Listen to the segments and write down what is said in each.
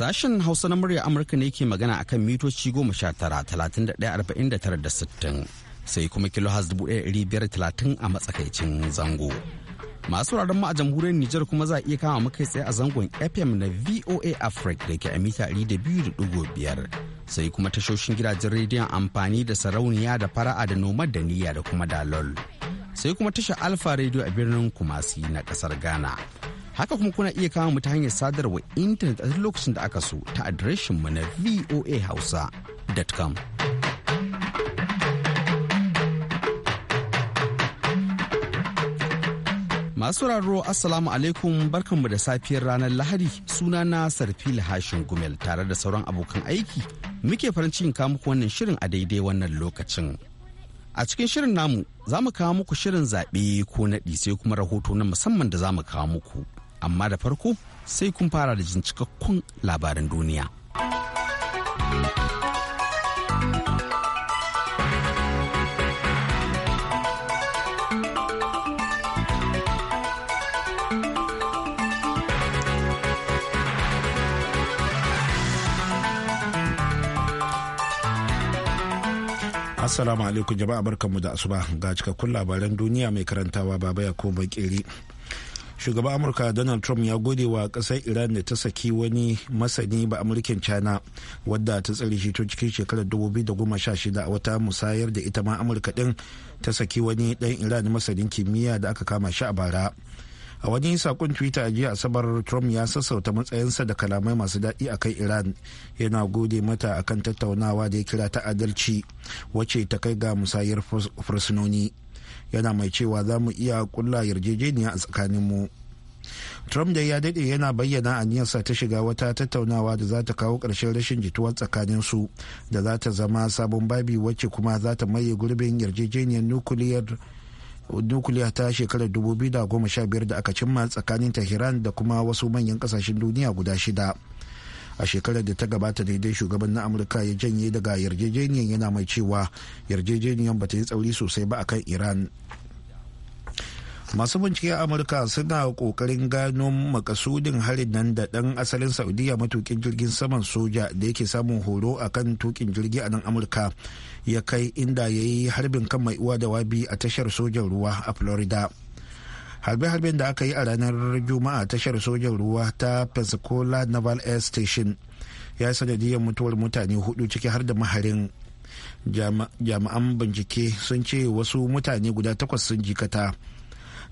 Sashen Hausa na murya Amurka ne ke magana a kan mitoci goma sha tara talatin da ɗaya arba'in da tara da sittin sai kuma kilo dubu ɗaya ɗari biyar talatin a matsakaicin zango. Masu wuraren mu a jamhuriyar Nijar kuma za a iya kama muka tsaye a zangon FM na VOA Africa da ke a mita ɗari da da ɗigo biyar. Sai kuma tashoshin gidajen rediyon amfani da sarauniya da fara'a da nomad da niyya da kuma dalol. Sai kuma tashar Alfa Radio a birnin Kumasi na ƙasar Ghana. Haka kuma kuna iya kama mu ta hanyar sadarwa intanet a duk lokacin da aka so ta adireshin mu na voahausa.com. Masu raro Assalamu alaikum barkanmu da safiyar ranar Lahadi suna na Sarfil Hashin Gumel tare da sauran abokan aiki muke farin cikin kawo muku wannan shirin a daidai wannan lokacin. A cikin shirin namu za mu kawo muku shirin zaɓe ko naɗi sai kuma rahoto na musamman da za mu kawo muku. amma da farko sai kun fara da jin cikakkun labaran duniya. Assalamu alaikum jama'a barkanmu da asuba ga cikakkun labaran duniya mai karantawa baba ya ko kiri. shugaban amurka donald trump ya gode wa kasar iran da ta saki wani masani ba amurkin china wadda ta tsare shi tun cikin shekarar 2016 a wata musayar da ita ma amurka din ta saki wani dan iran masanin kimiyya da aka kama shi a bara a wani sakon twitter a jiya asabar trump ya sassauta matsayinsa da kalamai masu daɗi a kan iran yana gode mata akan tattaunawa da ya kira ta adalci wacce ta kai ga musayar fursunoni. yana mai cewa za mu iya kulla yarjejeniya a tsakanin mu trump dai ya daɗe yana bayyana a aniyarsa ta shiga wata tattaunawa da za ta kawo ƙarshen rashin jituwar su da za ta zama sabon babi wacce kuma za ta maye gurbin yarjejeniyar nukuliyar nukuliya ta shekarar 2015 da aka cimma tsakanin tehran da kuma wasu manyan kasashen duniya guda shida a shekarar da ta gabata daidai shugaban na amurka ya janye daga yarjejeniyan yana mai cewa yarjejeniyar ba ta yi tsauri sosai ba akan iran masu bincike a amurka suna kokarin gano makasudin harin nan da dan asalin saudiya matukin jirgin saman soja da yake samun horo a kan tukin jirgi a nan amurka ya kai inda ya yi harbin kan mai uwa da wabi a tashar sojan ruwa a florida harbe-harben da aka yi a ranar juma'a tashar sojan ruwa ta pensacola naval air station ya yi sanadiyar mutuwar mutane hudu ciki har da maharin jami'an bincike sun ce wasu mutane guda takwas sun jikata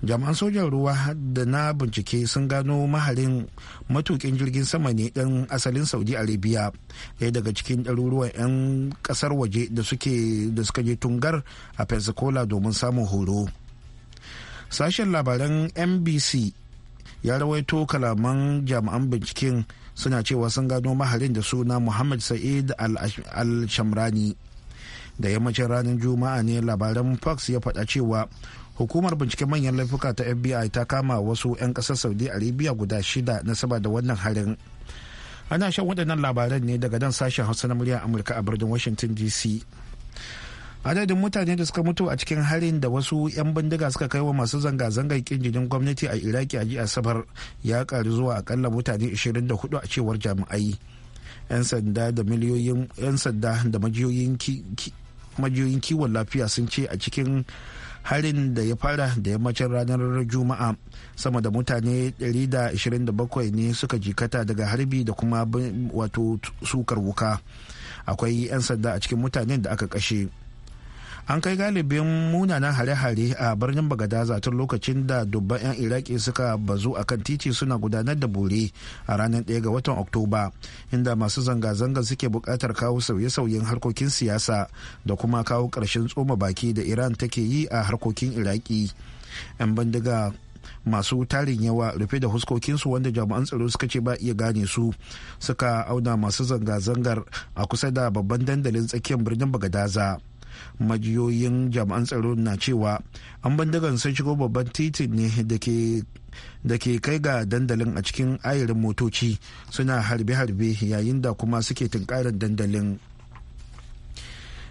jami'an sojan ruwa da na bincike sun gano maharin matukin jirgin sama ne ɗan asalin saudi arabia daya daga cikin ɗaruruwan 'yan ƙasar waje da suka je tungar a pensacola domin samun horo sashen labaran nbc ya rawaito kalaman jami'an binciken suna cewa sun gano maharin da suna muhammad sa'id al-shamrani da yammacin ranar juma'a ne labaran fox ya faɗa cewa hukumar binciken manyan laifuka ta fbi ta kama wasu 'yan ƙasar saudi arabia guda shida na saba da wannan harin ana shan waɗannan labaran ne daga nan sashen hausa na murya amurka a birnin washington dc adadin mutane da suka mutu a cikin harin da wasu 'yan bindiga suka kai wa masu zanga-zangar kinjinin gwamnati a iraki a jiya asabar ya karu zuwa akalla mutane 24 a cewar jami'ai 'yan sanda da miliyoyin 'yan sanda da majiyoyin kiwon lafiya sun ce a cikin harin da ya fara da yammacin ranar juma'a sama da mutane 127 ne suka jikata daga harbi da kuma wato sukar wuka akwai 'yan sanda a cikin mutanen da aka kashe. an kai galibin munanan hare-hare a birnin bagadaza tun lokacin da dubban 'yan iraki suka bazu a kan titi suna gudanar da bore a ranar 1 ga watan oktoba inda masu zanga-zanga suke buƙatar kawo sauye-sauyen harkokin siyasa da kuma kawo ƙarshen tsoma baki da iran take yi a harkokin iraki 'yan bandiga masu tarin yawa rufe da huskokinsu wanda jami'an tsaro suka ce ba iya gane su suka auna masu zanga-zangar a kusa da babban dandalin tsakiyar birnin bagadaza majiyoyin jami'an tsaro na cewa an bindigan sun shigo babban titin ne da ke kai ga dandalin a cikin ayarin motoci suna harbe-harbe yayin da kuma suke tunkarar dandalin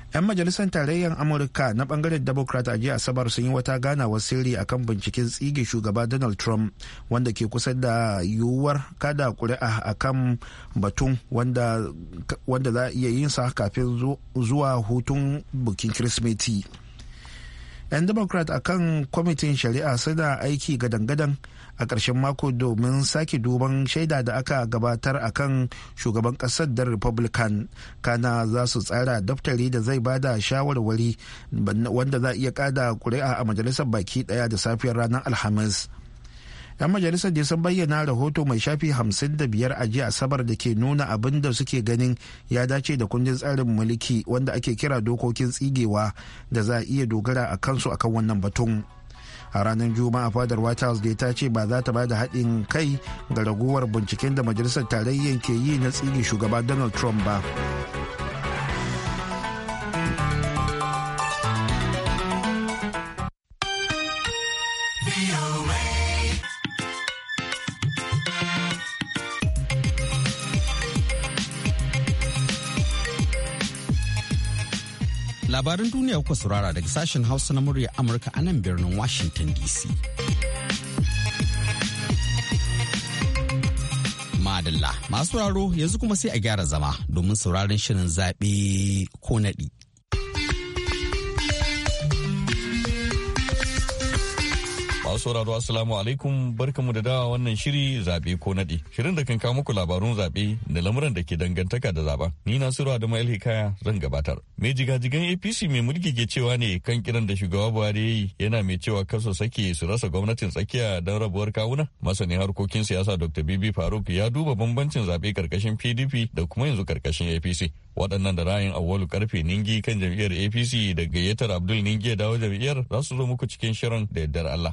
'yan majalisar tarayyar amurka na bangaren democrat a jiya asabar sun yi wata ganawar sirri kan binciken tsige shugaba donald trump wanda ke kusa da yiwuwar kada kuri'a a kan batun wanda za a iya yin sa kafin zuwa hutun bukin kirismeti 'yan democrat a kan kwamitin shari'a suna aiki gadan-gadan a ƙarshen mako domin sake duban shaida da aka gabatar a kan shugaban ƙasar da republican kana za su tsara daftari da zai ba da shawarwari wanda za a iya kada ƙuri'a a majalisar baki ɗaya da safiyar ranar alhamis 'yan majalisar da sun bayyana rahoto mai shafi hamsin 55 a jiya asabar da ke nuna abin da suke ganin ya dace da kundin tsarin mulki wanda ake kira dokokin tsigewa da za a iya dogara a kansu akan wannan batun. a ranar juma'a fadar white house dai ta ce ba za ta bada haɗin kai ga raguwar binciken da majalisar tarayyar ke yi na tsigi shugaba donald trump ba labaran duniya kuka saurara daga sashen Hausa na murya Amurka a nan birnin Washington DC. Madalla masu sauraro yanzu kuma sai a gyara zama domin sauraron shirin zaɓe ko naɗi Masu sauraro asalamu alaikum barkamu da dawa wannan shiri zaɓe ko naɗi. Shirin da kan kawo muku labarun zaɓe da lamuran da ke dangantaka da zaɓen Ni Nasiru Adamu El Hikaya zan gabatar. Mai jigajigan APC mai mulki ke cewa ne kan kiran da shugaba Buhari ya yi yana mai cewa kaso sake su rasa gwamnatin tsakiya don rabuwar kawuna. masani harkokin siyasa Dr. Bibi Faruk ya duba bambancin zaɓe karkashin PDP da kuma yanzu karkashin APC. Waɗannan da ra'ayin awwalu karfe ningi kan jam'iyyar APC da gayyatar Abdul Ningi ya dawo jam'iyyar za su zo muku cikin shirin da yardar Allah.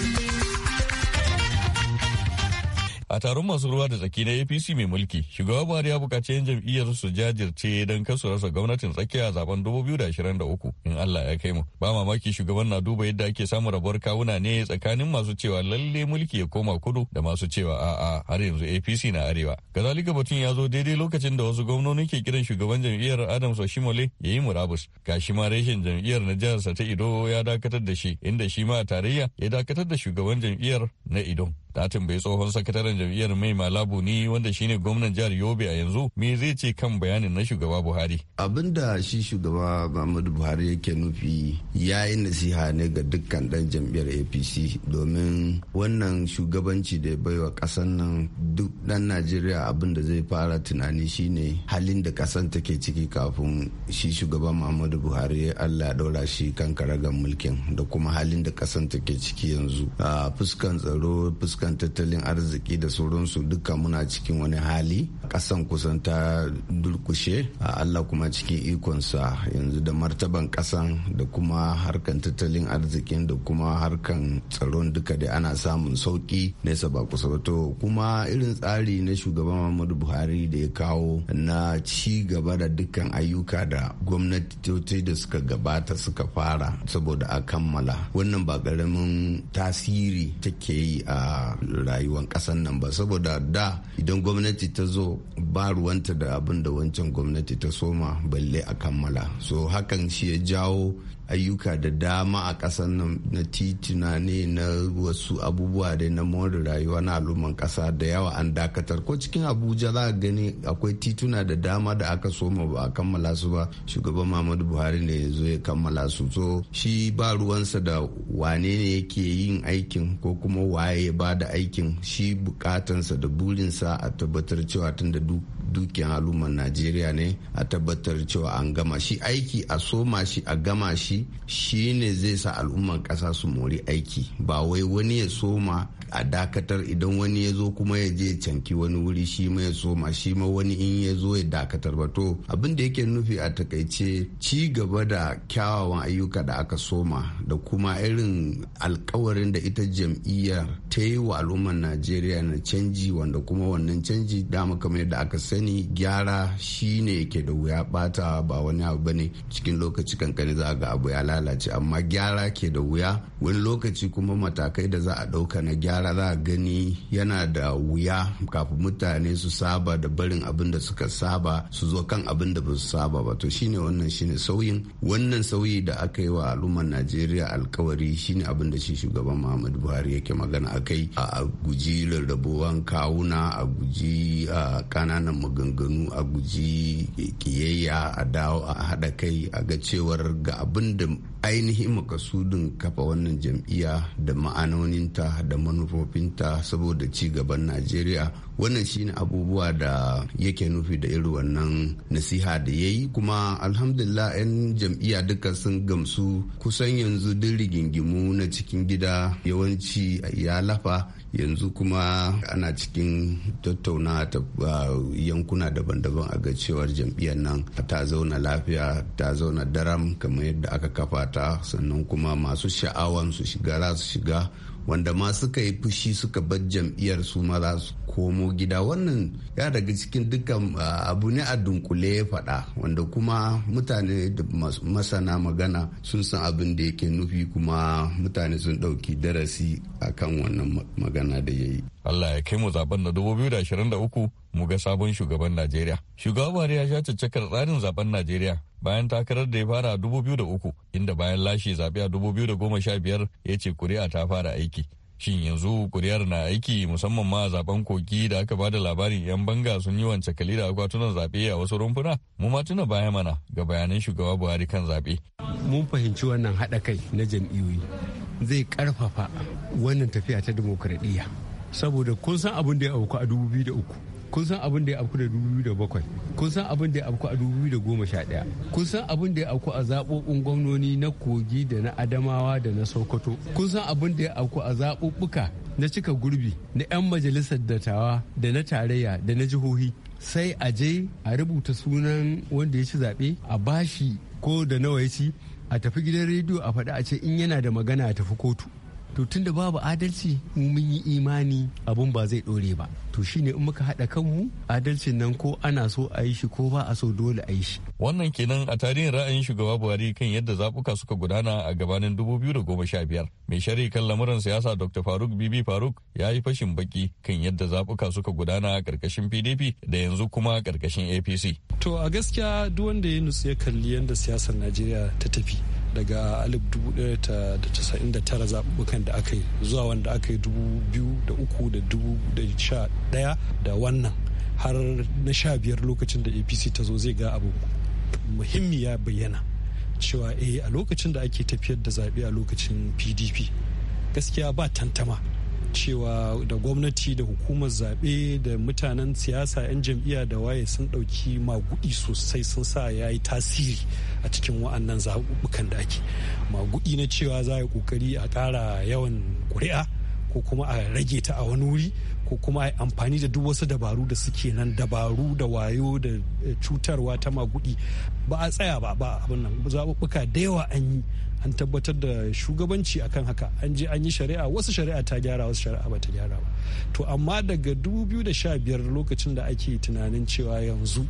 a taron masu ruwa da tsaki na apc mai mulki shugaba buhari ya bukaci yan jam'iyyar su jajirce don kasu rasa gwamnatin tsakiya a zaben uku in allah ya kai mu ba mamaki shugaban na duba yadda ake samun rabuwar kawuna ne tsakanin masu cewa lalle mulki ya koma kudu da masu cewa a'a har yanzu apc na arewa kazalika batun ya zo daidai lokacin da wasu gwamnoni ke kiran shugaban jam'iyyar adams oshimole ya yi murabus gashi ma reshen jam'iyyar na sa ta ido ya dakatar da shi inda shi ma a tarayya ya dakatar da shugaban jam'iyyar na idon ta tambayi tsohon sakataren jam'iyyar mai malabu ne wanda shine gwamnan jihar yobe a yanzu me zai ce kan bayanin na shugaba buhari abinda shi shugaba muhammadu buhari yake nufi ya yi nasiha ne ga dukkan dan jam'iyyar apc domin wannan shugabanci da ya baiwa kasan nan duk dan najeriya abinda zai fara tunani shine halin da kasan take ciki kafin shi shugaba muhammadu buhari allah ya daura shi kan karagar mulkin da kuma halin da kasan take ciki yanzu a fuskan tsaro fuskan fuskan tattalin arziki da sauransu dukkan muna cikin wani hali kasan kusan ta durkushe allah kuma cikin ikonsa yanzu da martaban kasan da kuma harkan tattalin arzikin da kuma harkan tsaron duka da ana samun sauki nesa ba kusa to kuma irin tsari na shugaban muhammadu buhari da ya kawo na ci gaba da dukkan ayyuka da gwamnati gwamnatoci da suka gabata suka fara saboda a kammala wannan ba ƙaramin tasiri take yi a rayuwan rayuwar kasan nan ba saboda da idan gwamnati ta zo ba ruwanta da abin da wancan gwamnati ta soma balle a kammala so hakan shi ya jawo ayyuka da dama a ƙasar nan na tituna ne na wasu abubuwa da na more rayuwa na al'umman ƙasa da yawa an dakatar ko cikin abuja za a gani akwai tituna da dama da aka soma ba a kammala su ba shugaban muhammadu buhari ne ya zo ya kammala su so shi ba ruwansa da wane ne yake yin aikin ko kuma waye ba da aikin shi bukatansa da burinsa a tabbatar cewa tun da duk dukiyar al'ummar najeriya ne a tabbatar cewa an gama shi aiki a soma shi a gama shi shine zai sa al'ummar ƙasa su mori aiki ba wai wani ya soma a dakatar idan wani ya zo kuma ya je canki wani wuri shi ma ya soma shi ma wani in ya zo ya dakatar ba to abin da yake nufi a takaice ci gaba da kyawawan ayyuka da aka soma da kuma irin alkawarin da ita jam'iyyar ta yi wa al'ummar najeriya na canji wanda kuma wannan canji dama kamar yadda aka sani gyara shi ne yake da wuya bata ba wani abu bane cikin lokaci kankani za ga abu ya lalace amma gyara ke da wuya wani lokaci kuma matakai da za a ɗauka na gyara yara za a gani yana da wuya kafin mutane su saba da barin abin da suka saba su zo kan abin da ba su saba ba to shine wannan shine sauyin wannan sauyi da aka yi wa al'ummar najeriya alkawari shine abin da shi shugaban muhammadu buhari yake magana a kai a guji rarrabuwan kawuna a guji kananan maganganu a guji kiyayya a dawo a haɗa kai a ga cewar ga abin da ainihin makasudin kafa wannan jam'iyya da ma'anoninta da manufofinta saboda ci gaban najeriya wannan shi ne abubuwa da yake nufi da irin wannan nasiha da ya yi kuma alhamdulillah 'yan jam'iyya duka sun gamsu kusan yanzu duk rigingimu na cikin gida yawanci ya lafa yanzu kuma ana cikin tattauna ta yankuna daban-daban a ga cewar jam'iyyar nan ta zauna lafiya ta zauna daram kamar yadda aka kafa ta sannan kuma masu sha'awan su shiga za su shiga wanda ma suka yi fushi suka bar jam'iyyar su ma za su komo gida wannan ya daga cikin dukkan ah, abu ne a dunkule ya faɗa wanda kuma mutane da masana magana sun san abin da yake nufi kuma mutane sun ɗauki darasi akan wannan magana da ya yi. Allah ya kai mu zaben na biyu da da ashirin uku. mu ga sabon shugaban Najeriya. shugaban Buhari ya sha caccakar tsarin zaben Najeriya bayan takarar da ya fara a 2003 inda bayan lashe zaɓe a goma sha biyar ya ce kuri'a ta fara aiki. Shin yanzu kuri'ar na aiki musamman ma a zaben kogi da aka bada labarin 'yan banga sun yi wance kali da akwatunan zaɓe a wasu rumfuna? Mu ma tuna baya mana ga bayanan shugaba Buhari kan zaɓe. Mun fahimci wannan haɗa kai na jam'iyyoyi zai ƙarfafa wannan tafiya ta dimokuraɗiyya. Saboda kun san abin da ya auku a 2003 kun san abin da ya afku da 2007 kun san abin da ya afku a 2011 kun san abin da ya afku a zaɓuɓɓun gwamnoni na kogi da na adamawa da na sokoto kun san abin da ya afku a zaɓuɓɓuka na cika gurbi na 'yan majalisar dattawa da na tarayya da na jihohi sai a je a rubuta sunan wanda ya ci zaɓe a bashi ko da nawa ya ci a tafi gidan rediyo a faɗi a ce in yana da magana a tafi kotu to tun da babu adalci mu mun yi imani abun ba zai dore ba to shine in muka haɗa kanmu adalcin nan ko ana so a yi shi ko ba a so dole a yi shi wannan kenan a tarihin ra'ayin shugaba buhari kan yadda zabuka suka gudana a gabanin 2015 mai shari kan lamuran siyasa dr faruk bibi faruk ya yi fashin baki kan yadda zabuka suka gudana a karkashin pdp da yanzu kuma karkashin apc to a gaskiya duk wanda ya nutsu ya kalli yadda siyasar najeriya ta tafi daga 1999 zaɓuɓɓukan da aka yi zuwa wanda aka yi 2003 da 2011 da wannan har na sha biyar lokacin da apc ta zo zai ga abu muhimmi ya bayyana cewa eh a lokacin da ake tafiyar da zaɓe a lokacin pdp gaskiya ba tantama cewa da gwamnati da hukumar zaɓe da mutanen siyasa 'yan jam'iyya da waye sun ɗauki magudi sosai sun sa ya yi tasiri a cikin wa'annan zaɓuɓɓukan da ake magudi na cewa za a yi ƙoƙari a ƙara yawan ƙuri'a ko kuma a rage ta a wani wuri ko kuma a amfani da duk wasu dabaru da suke nan dabaru da wayo da eh, cutarwa ta magudi ba a tsaya ba ba abin nan zaɓuɓɓuka da yawa an yi an tabbatar da shugabanci akan haka an je an yi shari'a wasu shari'a ta gyara wasu shari'a ba ta gyara ba to amma daga 2015 lokacin da ake tunanin cewa yanzu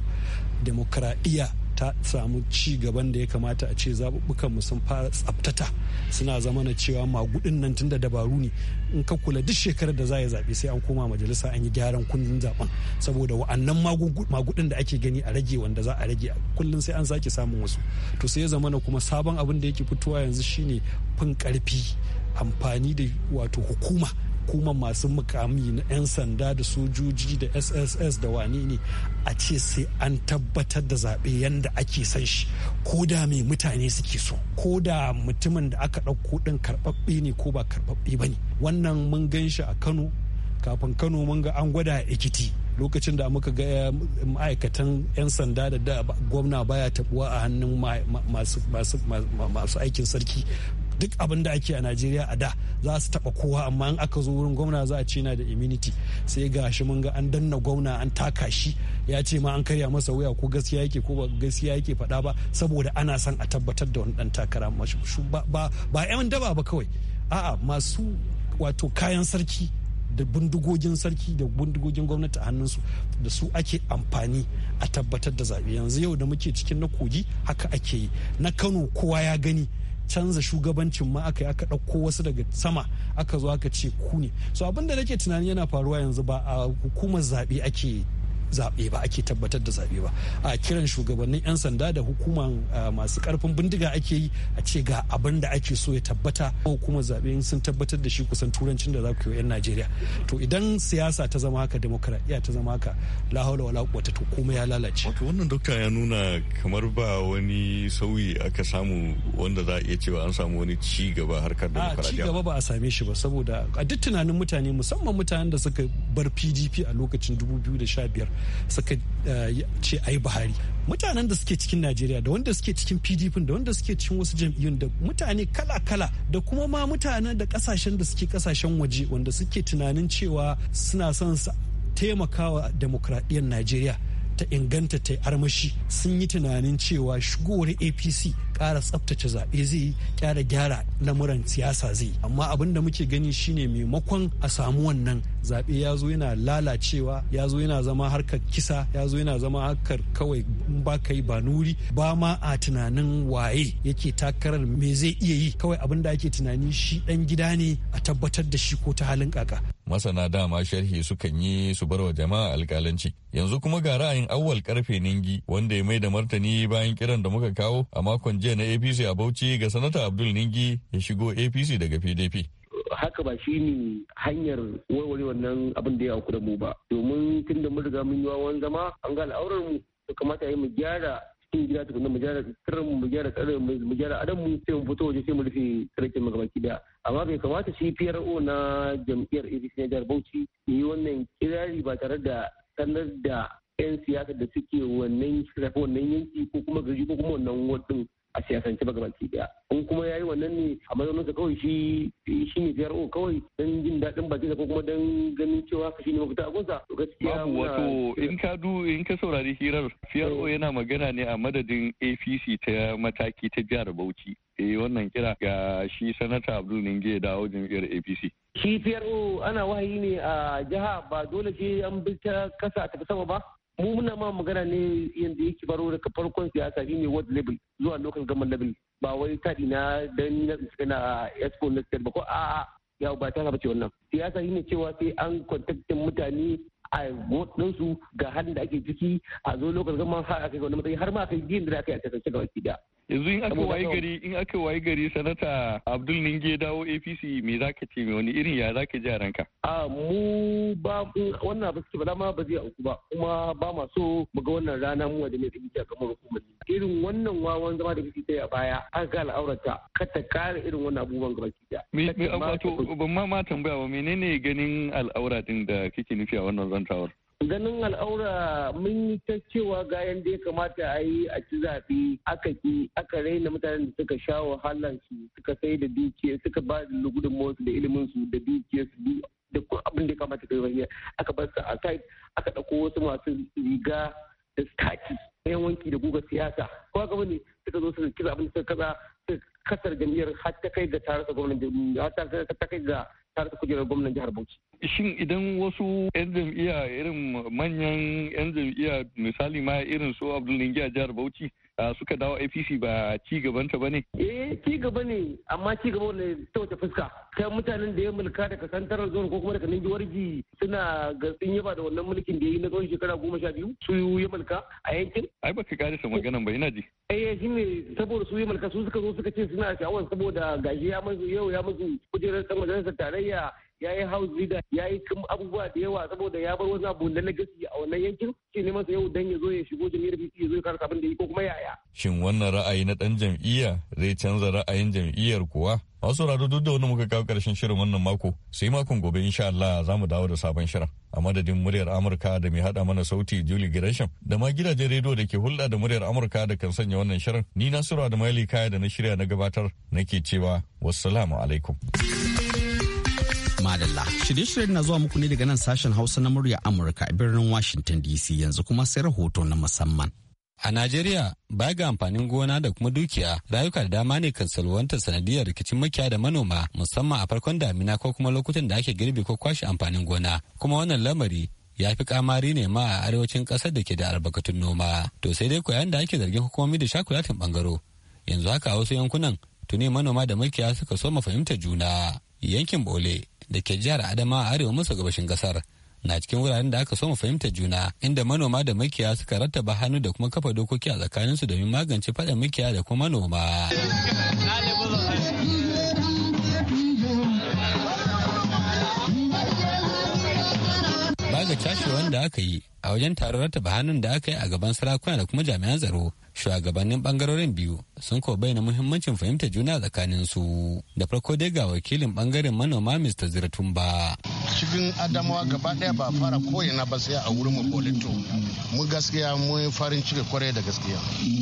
demokradiyya ta samu ci gaban da ya kamata a ce zaɓuɓɓukanmu sun fara tsaftata suna zama na cewa magudin nan tun da dabaru ne in ka kula duk shekarar da za a zaɓe sai an koma majalisa an yi gyaran kundin zaɓen saboda wa'annan magudin da ake gani a rage wanda za a rage kullum sai an sake samun wasu to sai ya zama na kuma sabon abin da yake fitowa yanzu shine fin ƙarfi amfani da wato hukuma kuma masu mukami na 'yan sanda da sojoji da sss da wane ne a ce sai an tabbatar da zaɓe yadda ake san shi ko da mai mutane suke so ko da mutumin da aka ɗauko ɗin karɓaɓɓe ne ko ba karɓaɓɓe ba ne wannan mun gan shi a kano kafin kano mun ga an gwada a ekiti lokacin da muka ga eh, ma'aikatan 'yan sanda da da gwamna baya taɓuwa a hannun masu aikin sarki duk abin da ake a najeriya a da za su taba kowa amma in aka zo wurin gwamna za a ce na da immunity sai ga shi mun ga an danna gwamna an taka shi ya ce ma an karya masa wuya ko gaskiya yake ko ba gaskiya yake faɗa ba saboda ana son a tabbatar da wani dan takara mashi ba ba yan daba ba kawai a'a masu wato kayan sarki da bindigogin sarki da bindigogin gwamnati a hannunsu da su ake amfani a tabbatar da zaɓe yanzu yau da muke cikin na kogi haka ake yi na kano kowa ya gani canza shugabancin ma aka yi aka ɗauko wasu daga sama aka zo aka ce ku ne so abin da nake tunani yana faruwa yanzu ba a hukumar zaɓe ake zaɓe ba ake tabbatar da zaɓe ba a kiran shugabannin 'yan sanda da hukuman masu karfin bindiga ake yi a ce ga abin da ake so ya tabbata hukumar zaɓe sun tabbatar da shi kusan turancin da za ku yi 'yan najeriya to idan siyasa ta zama haka demokradiyya ta zama haka la wala wata to komai ya lalace wato wannan dokta ya nuna kamar ba wani sauyi aka samu wanda za a iya cewa an samu wani ci gaba harkar ci gaba ba a same shi ba saboda a duk tunanin mutane musamman mutanen da suka bar PDP a lokacin 2015 suka eh, ce ai buhari mutanen da suke cikin najeriya da wanda suke cikin pdp da wanda suke cikin wasu jam'iyyun da mutane kala-kala da kuma ma mutanen da kasashen da suke kasashen waje wanda suke tunanin cewa suna son su taimakawa demokradiyyar najeriya ta inganta ta armashi sun yi tunanin cewa shigowar apc kara tsabtace zaɓe zai kyara gyara lamuran siyasa zai amma abin da muke gani shine maimakon a samu wannan zaɓe ya zo yana lalacewa ya zo yana zama harkar kisa ya zo yana zama harkar kawai ba ka yi ba nuri ba ma a tunanin waye yake takarar me zai iya yi kawai abin da ake tunani shi ɗan gida ne a tabbatar da shi ko ta halin kaka masana dama sharhi sukan yi su bar wa jama'a alkalanci yanzu kuma ga ra'ayin awwal karfe ningi wanda ya mai da martani bayan kiran da muka kawo a makon jiya na apc a bauchi ga sanata abdul ningi ya shigo apc daga pdp haka ba shi ne hanyar warware wannan abin da ya auku da mu ba domin tun da mun riga mun yi wawan zama an ga al'aurar mu to kamata yi mu gyara cikin gida tukuna mu gyara sirrin mu gyara tsarin mu gyara adam mu sai mu fito waje sai mu rufe sarkin magabaki da amma bai kamata CPRO na jam'iyyar APC na jihar Bauchi yi wannan kirari ba tare da sanar da 'yan siyasa da suke wannan wannan yanki ko kuma gari ko kuma wannan wadin a siyasance ba gabaki daya in kuma yayi wannan ne a mazaunin sa kawai shi shi ne PRO kawai dan jin daɗin baki ko kuma dan ganin cewa ka shi ne mafita a gunsa to gaskiya babu wato in ka du in ka saurari hirar PRO eh. yana magana ne a madadin APC ta mataki ta jihar Bauchi E wannan kira ga shi sanata Abdul Ninge wajen jam'iyyar APC shi PRO ana wahayi ne a jiha ba dole sai an bi ta kasa ta sama ba mu muna ma magana ne yadda yake baro daga farkon siyasa shine world level zuwa local government level ba wai tadi na dan na na expo na state ba ko a ya ba ta ba ce wannan siyasa shine cewa sai an kontaktin mutane a vote su ga halin da ake ciki a zo local government har akai wannan matsayi har ma akai biyan da akai a kasance ga da. yanzu in aka waye gari in aka waye gari sanata abdul ninge dawo apc me zaka ce me wani irin ya zaka ji a ranka a mu ba wannan ba ba bala ma ba zai auku ba kuma ba ma so mu ga wannan rana mu wajen ne take a kamar hukumar irin wannan wawan zama da yi a baya an ga al'aurata ka ta kare irin wannan abubuwan gaba ki me me ban ma ma tambaya ba menene ganin al'aura din da kike nufi a wannan zantawar ganin al'aura mun yi ta cewa ga yanda ya kamata a yi a ci zaɓe aka ki aka raina mutanen da suka sha wahalar su suka sai da dukiya suka ba da gudunmawarsu da ilimin su da dukiya su da abin da ya kamata kai yi aka bar su a site aka ɗauko wasu masu riga da staki yan wanki da guga siyasa ko ga wani suka zo suka kisa abin da suka kaza suka kasar jam'iyyar har ta kai ga tarasa gwamnan har ta kai ga tarasa kujerar gwamnan jihar Bauchi shin idan wasu 'yan jam'iyya irin manyan 'yan jam'iyya misali ma irin su abdul a jihar bauchi suka dawo apc ba ci gabanta ba ne? eh ci gaba ne amma ci gaba ne ta wace fuska kai mutanen da ya mulka daga santarar zuwa ko kuma daga ninji warji suna gatsin yaba da wannan mulkin da ya yi na tsawon shekara goma sha biyu su ya mulka a yankin ai baka karisa maganan ba ina ji eh shi ne saboda su ya mulka su suka zo suka ce suna sha'awar saboda gashi ya musu yau ya musu kujerar tsan majalisar tarayya ya yi house leader ya yi abubuwa da yawa saboda ya bar wani abu na gaski a wannan yankin shi ne masa yau dan ya zo ya shigo jami'ar bc e, ya zo ya karasa abin da yi ko kuma yaya. shin wannan ra'ayi na dan jam'iyya zai canza ra'ayin jam'iyyar kuwa masu rado duk da wani muka kawo karshen shirin wannan mako sai makon gobe insha Allah za mu dawo da sabon shirin a madadin muryar amurka da mai hada mana sauti julie gresham da ma gidajen rediyo da ke hulɗa da muryar amurka da kan sanya wannan shirin ni nasiru da kaya da na shirya na gabatar nake cewa wassalamu alaikum. Madalla. Shirye-shiryen na zuwa muku ne daga nan sashen Hausa na murya Amurka a birnin Washington DC yanzu kuma sai rahoto na musamman. A Najeriya, baya ga amfanin gona da kuma dukiya, rayuka da dama ne kan salwanta sanadiyar rikicin makiya da manoma musamman a farkon damina ko kuma lokutan da ake girbi ko kwashe amfanin gona. Kuma wannan lamari ya fi kamari ne ma a arewacin kasar da ke da albarkatun noma. To sai dai koyan da ake zargin hukumomi da shakulatin bangaro. Yanzu haka a wasu yankunan tuni manoma da makiya suka soma fahimtar juna. Yankin Bole da ke jihar adama a arewa maso gabashin kasar na cikin wuraren da aka so mu fahimta juna inda manoma da makiya suka rattaba hannu da kuma kafa dokoki a tsakaninsu domin magance faɗin makiya da kuma manoma. daga cashewan da aka yi a wajen taron rattaba hannun da aka yi a gaban sarakuna da kuma jami'an tsaro shugabannin bangarorin biyu sun ko bayyana muhimmancin fahimta juna tsakanin su da farko dai ga wakilin bangaren manoma Mr. Ziratumba. cikin adamawa gaba daya ba fara koyana ba sai a wurin mu polito mu gaskiya mu farin ciki kwarai da gaskiya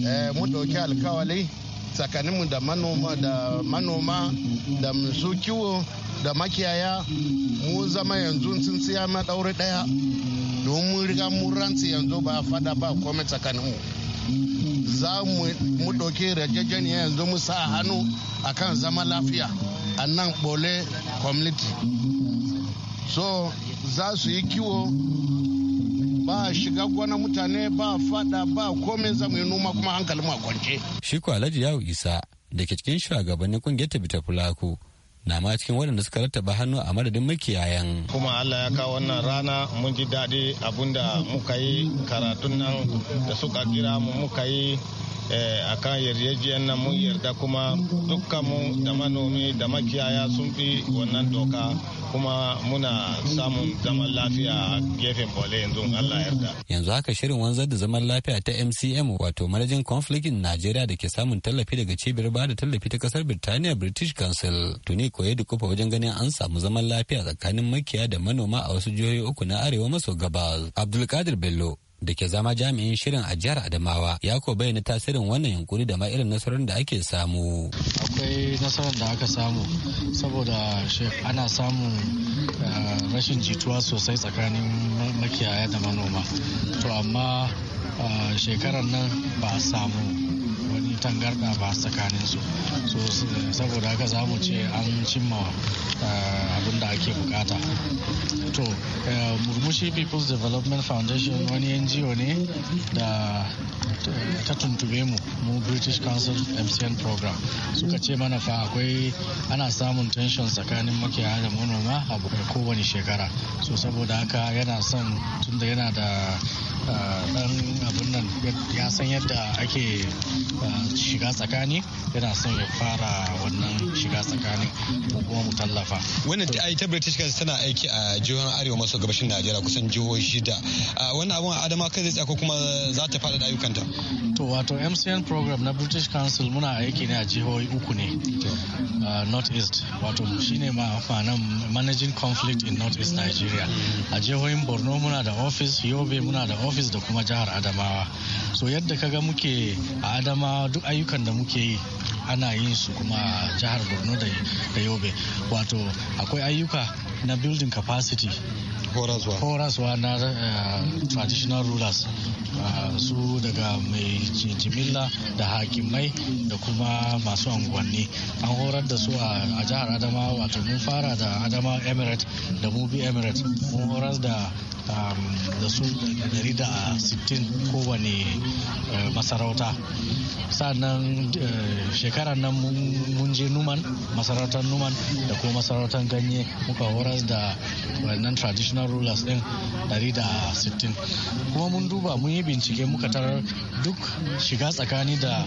eh, mu dauki alkawali tsakaninmu da manoma da manoma da su kiwo da makiyaya mu zama yanzu sun siya maɗauri ɗaya domin mun riga mun rantsi yanzu ba fada ba komai tsakaninmu za mu ɗauki rajajeniya yanzu mu sa hannu akan zama lafiya a nan bole community so za su yi kiwo ba shiga gona mutane ba fada ba komai zamu yi noma kuma hankalin mu a kwance shi ko Alhaji yawu Isa da ke cikin shugabannin kungiyar ta Tabita Fulaku na ma cikin waɗanda suka rattaba hannu a madadin makiyayan. Kuma Allah ya kawo wannan rana mun ji daɗi abinda muka yi karatun nan da suka kira mu muka yi eh, a kan yarjejiyar nan mun yarda kuma dukkanmu da manomi da makiyaya sun fi wannan doka kuma muna samun zaman lafiya a gefen bole yanzu Allah yarda. Yanzu haka shirin wanzar da zaman lafiya ta MCM wato manajin conflict in Najeriya da ke samun tallafi daga cibiyar ba da tallafi ta kasar Birtaniya British Council tuni koye da kufa wajen ganin an samu zaman lafiya tsakanin makiya da manoma a wasu jihohi uku na arewa maso gabas. Abdulkadir Bello da ke zama jami'in shirin a jihar Adamawa ya ko bayyana tasirin wannan yunkuri da ma irin nasarar da ake samu. Akwai nasarar da aka samu saboda ana samun eh, rashin jituwa sosai tsakanin makiyaya da manoma. To amma eh, shekarar nan ba a samu tangarda ba tsakanin su so saboda haka za mu ce an cimma eh, abin da ake bukata to eh, murmushi people's development foundation wani ngo ne da ta tuntube mu mu british council mcn program suka ce mana fa akwai ana samun tension tsakanin makiyaya da manoma a kowane shekara so saboda haka yana son tunda yana da dan eh, abin nan ya san yadda ake shiga tsakani yana son ya fara wannan shiga tsakani ko kuma mu tallafa wannan ta british council tana aiki a jihohin arewa maso gabashin najeriya kusan jihohi shida wannan abun adama kai zai tsako ko kuma za ta fada ayyukanta to wato mcn program na british council muna aiki ne a jihohi uku ne north east wato shine ma'afanan managing conflict in north east nigeria a jihohin borno muna da office yobe muna da office da kuma jihar adamawa so yadda kaga muke a adamawa duk ayyukan da muke yi ana yin su kuma jihar borno da yobe wato akwai ayyuka na building capacity horaswa na eh, traditional rulers eh, su daga mai jimilla da hakimai da kuma masu unguwanni an horar da su a jihar adama wato mun fara da adama emirate da mubi emirate mun horar da um, da su 160 kowane eh, masarauta sannan shekarar nan mun je numan masarautar numan da kuma masarautar ganye muka horar horas da wannan traditional rulers din 160 kuma mun duba mun yi bincike muka tarar duk shiga tsakani da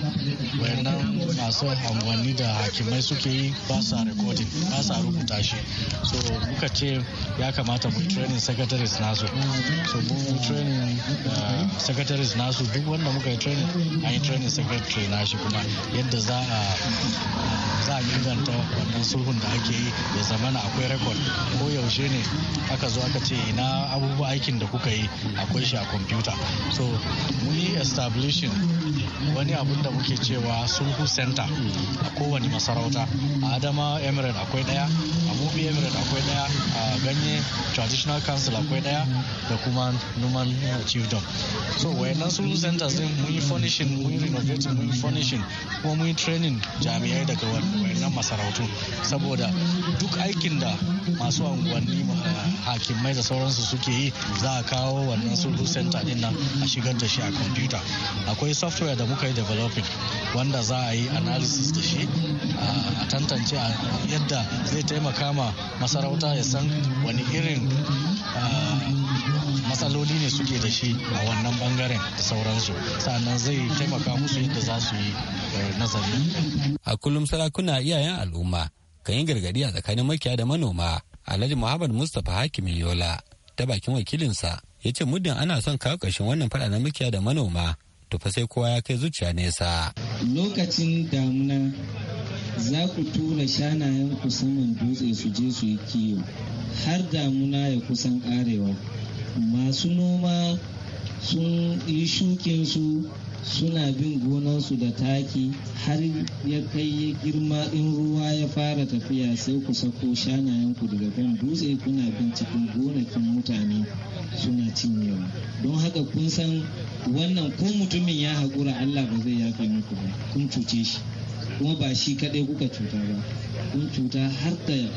wannan masu angwanni da hakimai suke yi ba sa recording ba sa rubuta shi so muka ce ya kamata mu training secretaries nasu so mu training eh, secretaries nasu duk wanda muka yi training an yi training secretary nashi kuma yadda za a za a inganta wannan sulhun da ake yi ya zamana akwai record ko yaushe ne aka zo aka ce ina abubuwa aikin da kuka yi akwai shi a kwamfuta so mun yi establishing wani abun da muke cewa sulhu center a kowane masarauta a adama emirate akwai daya a mubi emirate akwai daya a ganye traditional council akwai daya da kuma numan chiefdom so wayannan sulhu centers din mun furnishing muni renovating muni furnishing kuma muni training jami'ai daga wayannan masarautu saboda duk aikin da masu unguwanni hakimai da sauransu suke yi za a kawo wannan sulhu senta din nan a shigar da shi a kwamfuta akwai software da muka yi developing wanda za a yi analysis da shi a tantance yadda zai taimaka ma masarauta ya san wani irin matsaloli ne suke da shi a wannan bangaren da sauransu sannan zai taimaka musu yadda za su yi eh, nazari a kullum sarakuna iyayen al'umma kan yi gargadi a tsakanin makiya da manoma alhaji muhammad mustapha hakim yola ta bakin wakilinsa ya ce muddin ana son kawo ƙarshen wannan faɗa na makiya da manoma to fa sai kowa ya kai zuciya nesa lokacin damuna za ku tura shanayen ku saman dutse su je su yi kiyo har damuna ya kusan karewa masu noma sun yi shukinsu suna bin gonansu da taki har ya kai girma in ruwa ya fara tafiya sai ku sako shanayenku daga kan dutse kuna bin cikin gonakin mutane suna cinyewa don haka kun san wannan ko mutumin ya haƙura allah ba zai yafe muku ba kun cuce shi kuma ba shi kaɗai kuka cuta ba kun cuta har da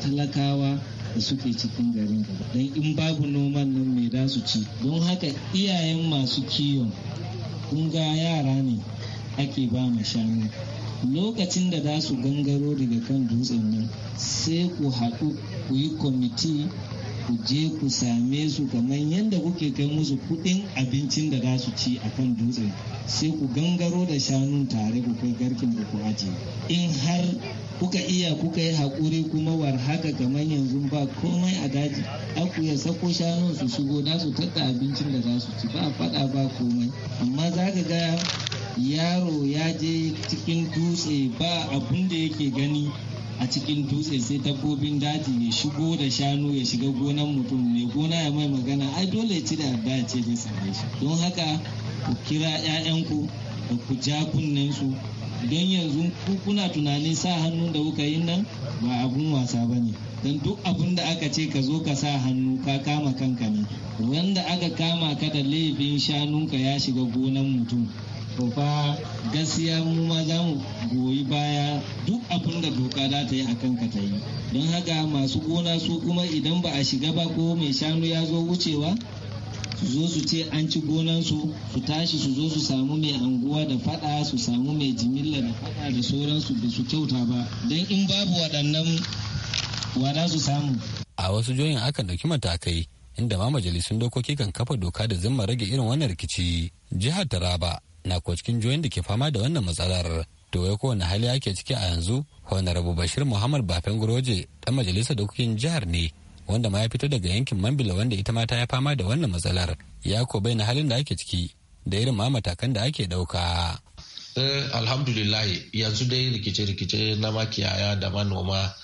talakawa da suke cikin garin don in babu noman nan mai da su ci don haka iyayen masu kiwon kun ga yara ne ake ba ma shanu lokacin da za su gangaro daga kan dutsen nan sai ku haɗu ku yi kwamiti ku je ku same su kamar yadda kuke kai musu kuɗin abincin da za su ci a kan dutsen sai ku gangaro da shanun tare ku kai garkin da ku aje in har kuka iya kuka yi haƙuri kuma war haka kamar yanzu ba komai a daji aku ya sako shanu su shigo da su tatta abincin da za su ci ba faɗa ba komai amma za ka ga yaro ya je cikin dutse ba abun da yake gani a cikin dutse sai dabbobin daji ya shigo da shanu ya shiga gonan mutum mai gona ya mai magana ai dole ya ci da da ya ce zai same shi don haka ku kira 'ya'yanku da ku ja kunnen su don yanzu ku kuna tunanin sa hannu da kuka yi nan ba abun wasa ba ne don duk abun da aka ce ka zo ka sa hannu ka kama kanka ne wanda aka kama ka da laifin shanunka ya shiga gonan mutum to fa gaskiya mu ma za mu goyi baya duk abun da doka za ta yi a kanka ta yi don haka masu gona su kuma idan ba a shiga ba ko mai shanu ya zo wucewa su zo su ce an ci gonansu su tashi su zo su samu mai anguwa da fada su samu mai jimilla da fada da sauransu da su kyauta ba don in babu waɗannan wada su samu a wasu joyin aka ɗauki matakai inda ma majalisun dokoki kan kafa doka da zimma rage irin wannan rikici jihar taraba na ko cikin joyin da ke fama da wannan matsalar to ya kowane hali ake ciki a yanzu honarabu bashir muhammad bafen guroje dan majalisar dokokin jihar ne wanda ma ya fito daga yankin mambila wanda ita ma ta ya fama da wannan matsalar ya ko na halin da ake ciki da irin ma matakan da ake ɗauka. Eh, alhamdulillah yanzu dai rikice-rikice na makiyaya da manoma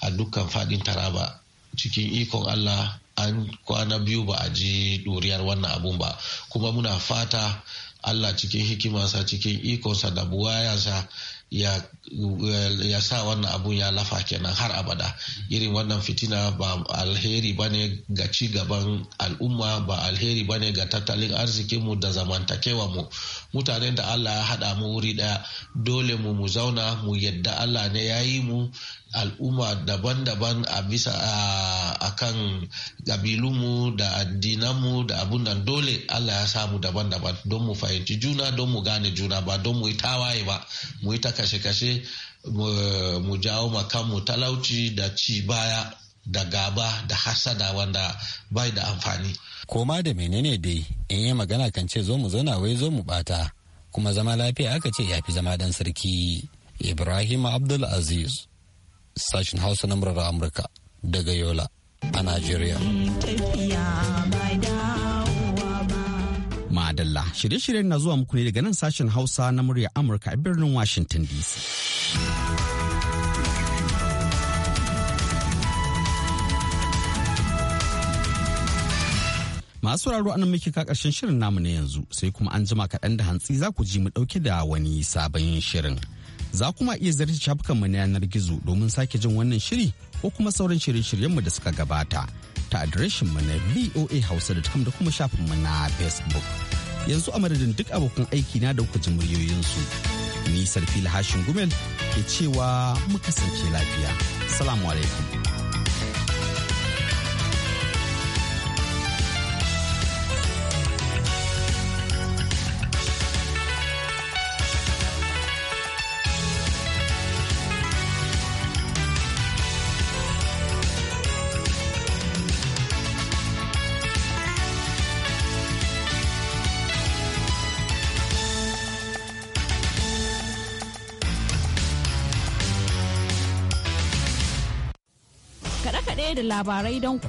a dukkan fadin taraba cikin ikon allah an kwana biyu ba a ji ɗuriyar wannan abun ba kuma muna fata allah cikin hikimarsa cikin ikonsa da buwayansa ya sa wannan abun ya lafa kenan har abada irin wannan fitina ba alheri ba ne ga ci gaban al'umma ba alheri ba ne ga tattalin arzikinmu da zamantakewa mu mutane da allah ya hada mu wuri ɗaya dole mu mu zauna mu yadda allah ne ya yi mu al'umma daban-daban a bisa a kan ƙabilunmu da addinanmu da abun nan dole Allah ya samu daban-daban don mu fahimci juna don mu gane juna ba don mu yi tawaye ba mu yi kashe-kashe mu jawo makamu talauci da ci baya da gaba da hasada wanda bai da amfani. Koma da menene dai in yi magana kan ce zo mu zauna wai zo mu bata kuma zama lafiya aka ce ya fi zama dan sarki. Ibrahim Abdul Aziz, sashen Hausa na murar Amurka daga Yola a Najeriya. Madalla shirye-shiryen na zuwa muku ne daga nan sashen Hausa na murya Amurka a birnin Washington DC. Masu raro anan muke ka karshen shirin namu na yanzu sai kuma an jima kaɗan da hantsi za ku ji mu ɗauke da wani sabon shirin. Za kuma iya zarta shafukanmu na yanar gizo domin sake jin wannan shiri ko kuma sauran shirye-shiryenmu da suka gabata. ta adireshin mu na voa hausa da da kuma shafin mu na facebook yanzu a madadin duk abokan aiki na da kujin muryoyinsu ni sarfi hashin gumel ke cewa muka sanke lafiya salamu alaikum da labarai don